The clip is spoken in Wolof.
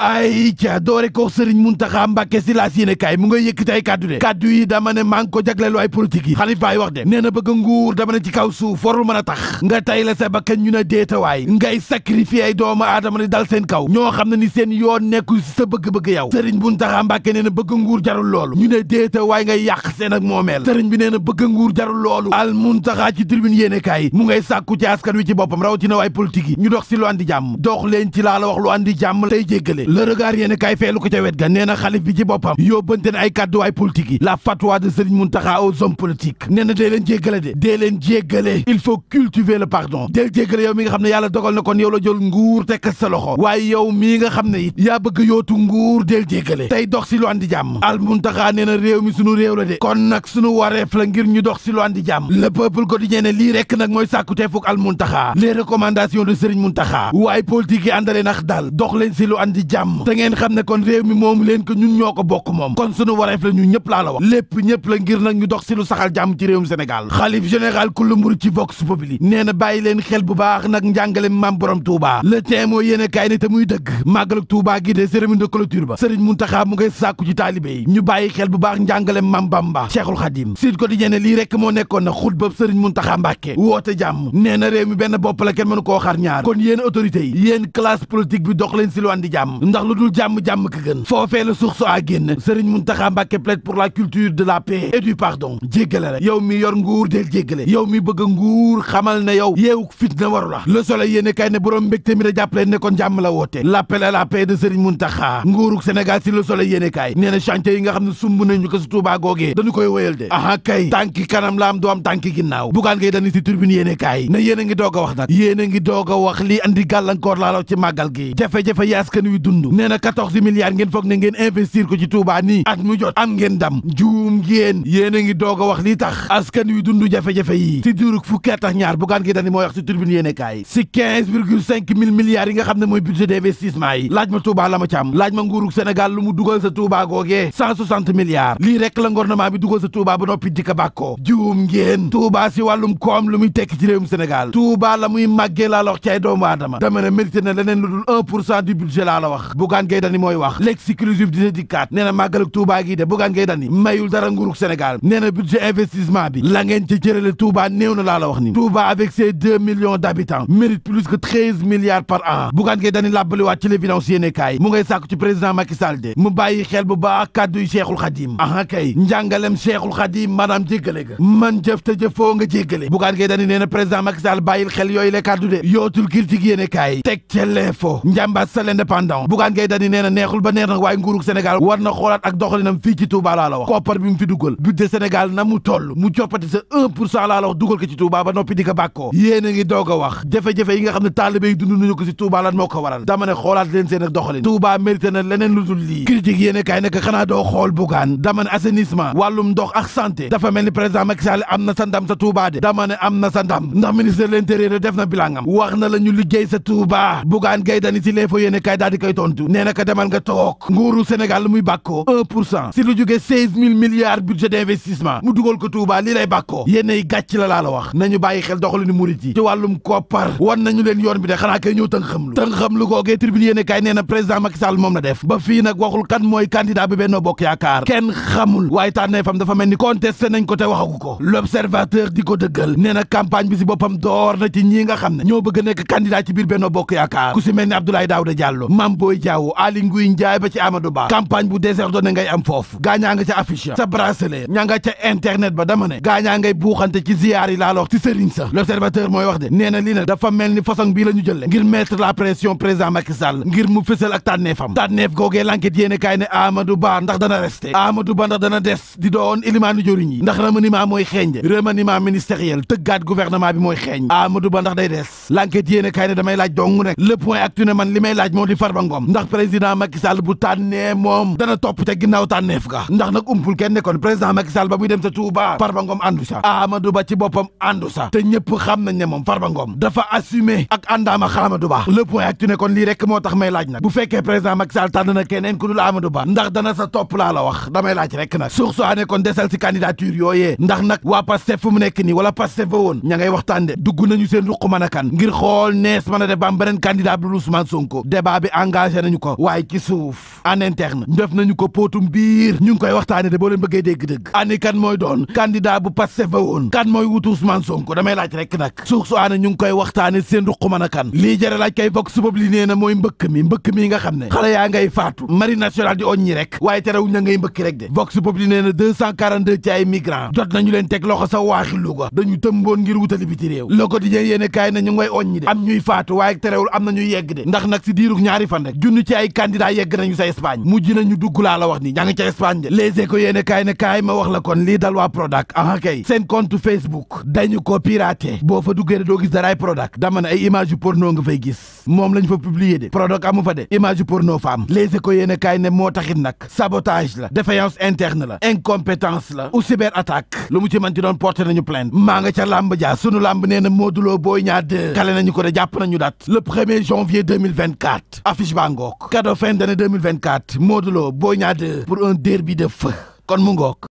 ay ca doore ko sëriñ Muntaxa Mbàkke si laas yéene mu ngay yëkkati ay kàddu de kàddu yi dama ne maa ngi ko jagleel waay politique yi xalif baay wax de nee bëgg nguur dama ne ci kaw suuf warul mën a tax nga tay la sa bakkan ñu ne déetawaay ngay sacrifier ay doomu aadama ne dal seen kaw ñoo xam ne ni seen yoon nekkul si sa bëgg-bëgg yow sëriñ Muntaxa Mbàkke nee na bëgg nguur jarul loolu ñu ne waay nga yàq seen ak moomeel sëriñ bi nee na bëgg nguur jarul loolu al Muntaxa ci tribune yéene kaay mu ngay sàkku ci askan wi ci boppam rawatina waay politique yi ñu dox si lu andi jàmm dox leen ci laa wax lu andi jàmm tey jéggale le regard kay feelu ko ca wet ga nee na xalif bi ci boppam yóbbante na ay kàdduwaay politique yi la fatwa de Serigne Mountakha aux hommes politiques nee na dee leen jéggale de dee leen jéggale il faut cultiver le pardon deel jéggale yow mi nga xam ne yàlla dogal na kon yow la jël nguur tekk sa loxo waaye yow mi nga xam ne it yaa bëgg yootu nguur deel jéggale tey dox si lu andi jàmm al Mountakha nee na réew mi sunu réew la de kon nag sunu wareef la ngir ñu dox si lu andi jàmm le peuple quotidien ne lii rek nag mooy sàkkutee fuk al Mountakha les recommandations de Serigne Mountakha waaye politique nax daal dox jàmm te ngeen xam ne kon réew mi moom leen ko ñun ñoo ko bokk moom kon sunu wareef la ñu ñëpp laa la wax lépp ñëpp la ngir nag ñu dox si lu saxal jàmm ci réewum Sénégal xalif général Kulumbur ci Vox Populi nee na bàyyi leen xel bu baax nag njàngale maam borom Touba le temps moo yéene kaay te muy dëgg màggalu Touba gi de cérémonie de clôture ba Serigne Mountakha mu ngay sàkku ci taalibe yi ñu bàyyi xel bu baax njàngale maam Bamba Cheikhul Khadim Sud Quotidien ne lii rek moo nekkoon na xutba Serigne Mountakha Mbacké woote jàmm nee na réew mi benn bopp la kenn mënu koo xar ñaar kon yéen autorités yi yéen classe bi dox leen si lu andi jàmm ndax lu dul jàmm jàmm ka gën foofee la source a génn sëriñ Muntaxa Mbàkke plaide pour la culture de la paix et du pardon jéggale rek yow mi yor nguur del jéggale yow mi bëgg a nguur xamal ne yow yeewu fitna waru la le soleil yéene kay ne borom mbégte mi da jàppale ne kon jàmm la woote l'appel à la paix de sëriñ Muntaxa nguuruk Sénégal si le soleil yéene kay ne na chantier yi nga xam ne sumb nañu ko si Tuubaa googee dañu koy wéyal de aha kay tànki kanam la am doo ginnaaw bugaan ngay dañu si turbine yéene kay ne yéen a ngi doog wax nag yéen a ngi wax li andi gàllankoor laalaw màggal gi jafe-jafe yi askan dund nee na 14 milliards ngeen foog ne ngeen investir ko ci Touba nii at mu jot am ngeen dam juum ngeen yéen a ngi doog a wax lii tax askan wi dund jafe-jafe yi si diirug fukki at ñaar bugaan gi dani moo wax si turbine yéene kaay si 15 yi nga xam ne mooy budget d' investissement yi laaj ma Touba la ma ci am laaj ma nguurug Sénégal lu mu dugal sa Touba googee 160 milliards lii rek la ngornement bi dugal sa Touba ba noppi di ka bàkkoo juum ngeen Touba si wàllum muy tekk ci réewum Sénégal Touba la muy màggee laa la wax ci ay doomu aadama dama ne mérité na leneen lu dul 1 wax Bougane Gueye Dany mooy wax l'exclusif dina dikkaat nee na màggalug Touba gi de Bougane Gueye Dany mayul dara nguurug Sénégal nee na investissement bi la ngeen ci cërale Touba néew na laa la wax ni Touba avec ses deux millions d'habitants par an Bougane Gueye Dany làbbaliwaat ci l'évidence yéene kaay mu ngay sàkku ci président Macky Sall de mu bàyyi xel bu baax kàdduy Cheikhul Khadim aha kay njàngalem Cheikhul Khadim maanaam jéggale ga man jëf nga jéggale na président Macky Sall bàyyil xel yooyu le kàddu de yootul critique yéene kaay teg ca l'info njàmbaat sa l'indépendant Bougane Gueye Dany nee na neexul ba neex nag waaye nguurug Sénégal war na xoolaat ak doxalinam fii ci Touba laa la wax koppar bi mu fi dugal budget Sénégal na mu toll mu coppati sa un pour cent laa la wax dugal ko ci Touba ba noppi di ko bàkkoo yéen a ngi doog a wax jafe-jafe yi nga xam ne taalibe yi dund nañu ko si Touba lan moo ko waral dama ne xoolaat leen seen ak doxalin Touba mérité na leneen lu dul lii critique yéene kaay nekk xanaa doo xool Bougane dama ne assainissement wàllum ndox ak santé dafa mel ni président Macky Sall am na sa ndam sa Touba de dama ne am na sa ndam ndax ministre de l'intérieur def na bilangam wax na la ñu liggéey sa Touba Bougane Gueye Dany si léefo yéene kaay daal di koy toon tontu nee na ko demal nga toog nguuru Sénégal muy bàkkoo un pour cent si lu jógee seize mille milliards budget d'investissement mu dugal ko Touba lii lay bàkkoo yéenay gàcc la la wax nañu bàyyi xel doxalinu murit yi ci wàllum koppar wan leen yoon bi de xanaa kay ñëw tënk xam lu tënk xam lu googee yéene kaay nee président Macky moom la def ba fii nag waxul kan mooy candidat bi Benno Bokk Yaakaar kenn xamul waaye tànnee fam dafa mel ni contesté nañ ko te waxagu ko l'observateur di ne ñoo bëgg nekk candidat ci biir Madiambal Diaw Aly Ngouille Ndiaye ba ci Amadou Ba campagne bu désordonné ngay am foofu gaañaa nga ca affiche sa bracelet ña ndax dana resté Amadou Ba ndax dana des di doon ilimaanu joriñ yi ndax remaniement mooy xeeñ de remaniement ministériel tëggaat gouvernement bi mooy xeeñ Amadou Ba ndax day des lanket yéene kaay ne damay laaj dong rek le point actu ne man li may laaj moo di Farba Ngom ndax président Macky Sall bu tànnee moom dana topp ca ginnaaw tànneef ga ndax nag umpul kenn ne kon président Macky Sall ba muy dem sa Touba Farba Ngom àndu sa Amadou Ba ci boppam àndu sa te ñëpp xam nañ ne moom Farba Ngom dafa assumé ak àndaama Amadou Ba le point ak tu ne lii rek moo tax may laaj nag bu fekkee président Macky Sall tànn na keneen ku dul Amadou Ba ndax dana sa topp laa la wax damay laaj rek nag suur su ne kon desal si candidature yooyee ndax nag waa Pastef fu mu nekk nii wala Pastef ba a kan ngir xool nees mën a de engagé nañu ko waaye ci suuf na interne def nañu ko póotum biir ñu ngi koy waxtaane de boo leen bëggee dégg-dëgg ani kan mooy doon candidat bu Pastef ba woon kan mooy wutu Ousmane Sonko damay laaj rek nag suuf su aane ñu ngi koy waxtaane seen ruq mën a kan lii jëre laaj kay bokk subab li nee na mooy mbëkk mi mbëkk mi nga xam ne xale yaa ngay faatu marine nationale di oñ ñi rek waaye terewuñ na ngay mbëkki rek de vox populi nee na 242 ci ay na si diirug ñaari fan rek junn ci ay candidat yegg nañu sa Espagne mujj nañu dugg laa la wax ni ña ngi ca Espagne de Les Échos yéene kaay ne kaay ma wax la kon lii dal waa Prodac ah kay seen compte Facebook dañu ko piraté boo fa duggee de doo gis daraay Prodac dama ne ay image yu nga fay gis moom lañ fa publier de Prodac amu fa de image yu porno fa am Les Échos yéene kaay ne moo taxit nag sabotage la défaillance interne la incompétence la ou cyber attaque lu mu ci mën ti doon porté nañu plainte maa nga ca làmb ja sunu na Modou Lo Boy Niang 2 kale nañu ngook cadeau fin d'année 2024 Modou Lo Boy Niang 2 de kon mu